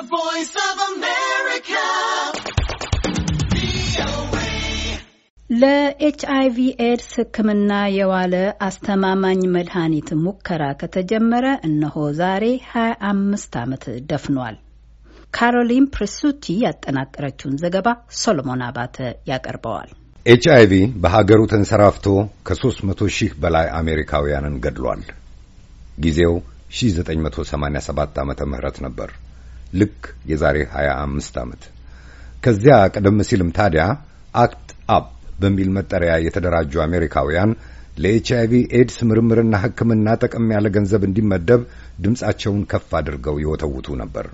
The Voice of America. ኤድስ ሕክምና የዋለ አስተማማኝ መድኃኒት ሙከራ ከተጀመረ እነሆ ዛሬ 25 ዓመት ደፍኗል። ካሮሊን ፕሪሱቲ ያጠናቀረችውን ዘገባ ሶሎሞን አባተ ያቀርበዋል። ኤች አይቪ በሀገሩ ተንሰራፍቶ ከ300 ሺህ በላይ አሜሪካውያንን ገድሏል። ጊዜው 1987 ዓመተ ምህረት ነበር። ልክ የዛሬ 25 ዓመት። ከዚያ ቀደም ሲልም ታዲያ አክት አፕ በሚል መጠሪያ የተደራጁ አሜሪካውያን ለኤች ቪ ኤድስ ምርምርና ሕክምና ጠቀም ያለ ገንዘብ እንዲመደብ ድምፃቸውን ከፍ አድርገው ይወተውቱ ነበር።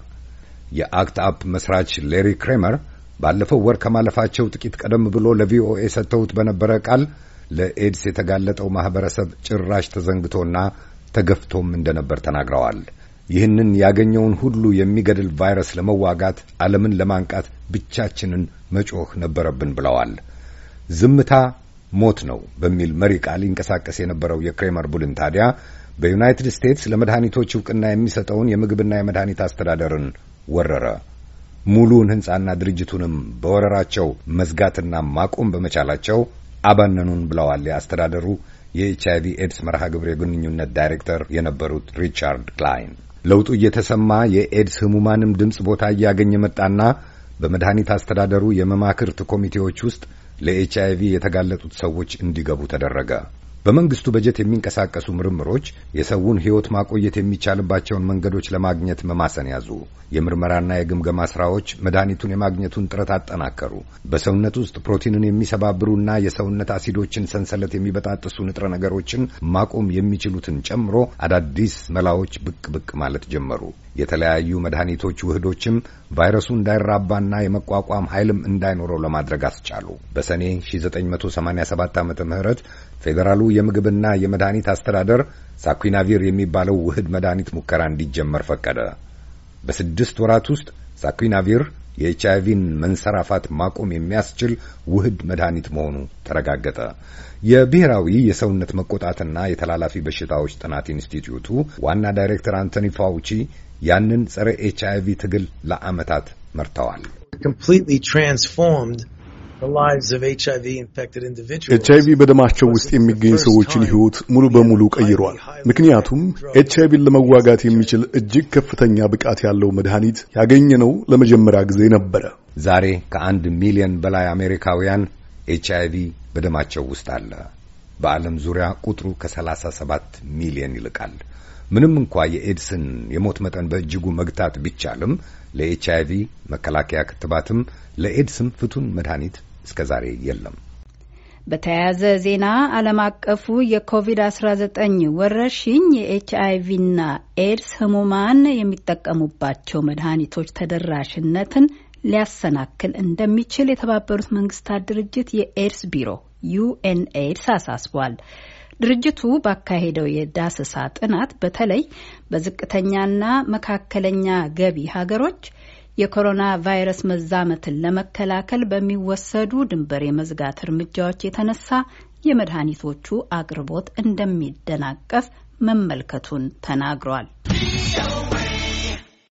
የአክት አፕ መስራች ሌሪ ክሬመር ባለፈው ወር ከማለፋቸው ጥቂት ቀደም ብሎ ለቪኦኤ ሰጥተውት በነበረ ቃል ለኤድስ የተጋለጠው ማህበረሰብ ጭራሽ ተዘንግቶና ተገፍቶም እንደነበር ተናግረዋል። ይህንን ያገኘውን ሁሉ የሚገድል ቫይረስ ለመዋጋት ዓለምን ለማንቃት ብቻችንን መጮህ ነበረብን ብለዋል። ዝምታ ሞት ነው በሚል መሪ ቃል ይንቀሳቀስ የነበረው የክሬመር ቡድን ታዲያ በዩናይትድ ስቴትስ ለመድኃኒቶች እውቅና የሚሰጠውን የምግብና የመድኃኒት አስተዳደርን ወረረ። ሙሉውን ሕንፃና ድርጅቱንም በወረራቸው መዝጋትና ማቆም በመቻላቸው አባነኑን ብለዋል የአስተዳደሩ የኤች አይቪ ኤድስ መርሃ ግብር የግንኙነት ዳይሬክተር የነበሩት ሪቻርድ ክላይን። ለውጡ እየተሰማ የኤድስ ህሙማንም ድምፅ ቦታ እያገኘ መጣና በመድኃኒት አስተዳደሩ የመማክርት ኮሚቴዎች ውስጥ ለኤች አይቪ የተጋለጡት ሰዎች እንዲገቡ ተደረገ። በመንግስቱ በጀት የሚንቀሳቀሱ ምርምሮች የሰውን ሕይወት ማቆየት የሚቻልባቸውን መንገዶች ለማግኘት መማሰን ያዙ። የምርመራና የግምገማ ስራዎች መድኃኒቱን የማግኘቱን ጥረት አጠናከሩ። በሰውነት ውስጥ ፕሮቲንን የሚሰባብሩና የሰውነት አሲዶችን ሰንሰለት የሚበጣጥሱ ንጥረ ነገሮችን ማቆም የሚችሉትን ጨምሮ አዳዲስ መላዎች ብቅ ብቅ ማለት ጀመሩ። የተለያዩ መድኃኒቶች ውህዶችም ቫይረሱ እንዳይራባና የመቋቋም ኃይልም እንዳይኖረው ለማድረግ አስቻሉ። በሰኔ 1987 ዓ ም ፌዴራሉ የምግብና የመድኃኒት አስተዳደር ሳኩናቪር የሚባለው ውህድ መድኃኒት ሙከራ እንዲጀመር ፈቀደ። በስድስት ወራት ውስጥ ሳኩናቪር የኤች አይቪን መንሰራፋት ማቆም የሚያስችል ውህድ መድኃኒት መሆኑ ተረጋገጠ። የብሔራዊ የሰውነት መቆጣትና የተላላፊ በሽታዎች ጥናት ኢንስቲትዩቱ ዋና ዳይሬክተር አንቶኒ ፋውቺ ያንን ጸረ ኤች አይቪ ትግል ለዓመታት መርተዋል። completely transformed ኤች አይቪ በደማቸው ውስጥ የሚገኝ ሰዎችን ሕይወት ሙሉ በሙሉ ቀይሯል። ምክንያቱም ኤች አይቪን ለመዋጋት የሚችል እጅግ ከፍተኛ ብቃት ያለው መድኃኒት ያገኘነው ለመጀመሪያ ጊዜ ነበረ። ዛሬ ከአንድ ሚሊዮን በላይ አሜሪካውያን ኤችአይቪ በደማቸው ውስጥ አለ። በዓለም ዙሪያ ቁጥሩ ከ37 ሚሊዮን ይልቃል። ምንም እንኳ የኤድስን የሞት መጠን በእጅጉ መግታት ቢቻልም ለኤች ቪ መከላከያ ክትባትም ለኤድስም ፍቱን መድኃኒት እስከ ዛሬ የለም። በተያያዘ ዜና ዓለም አቀፉ የኮቪድ-19 ወረርሽኝ የኤች አይቪና ኤድስ ህሙማን የሚጠቀሙባቸው መድኃኒቶች ተደራሽነትን ሊያሰናክል እንደሚችል የተባበሩት መንግስታት ድርጅት የኤድስ ቢሮ ዩኤንኤድስ አሳስቧል። ድርጅቱ ባካሄደው የዳሰሳ ጥናት በተለይ በዝቅተኛና መካከለኛ ገቢ ሀገሮች የኮሮና ቫይረስ መዛመትን ለመከላከል በሚወሰዱ ድንበር የመዝጋት እርምጃዎች የተነሳ የመድኃኒቶቹ አቅርቦት እንደሚደናቀፍ መመልከቱን ተናግሯል።